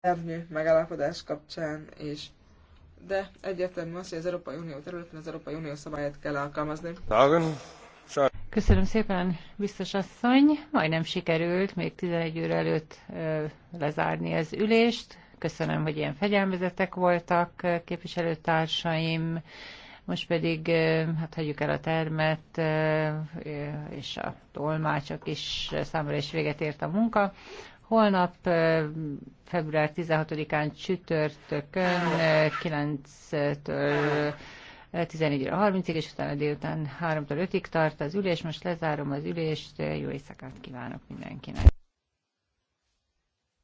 tervű megállapodás kapcsán is. De egyértelmű az, hogy az Európai Unió területén az Európai Unió szabályát kell alkalmazni. Köszönöm szépen, biztos asszony. Majdnem sikerült még 11 óra előtt lezárni az ülést. Köszönöm, hogy ilyen fegyelmezetek voltak képviselőtársaim most pedig hát hagyjuk el a termet, és a tolmácsok is számra is véget ért a munka. Holnap, február 16-án csütörtökön 9-től 14 30-ig, és utána délután 3-től 5-ig tart az ülés. Most lezárom az ülést, jó éjszakát kívánok mindenkinek!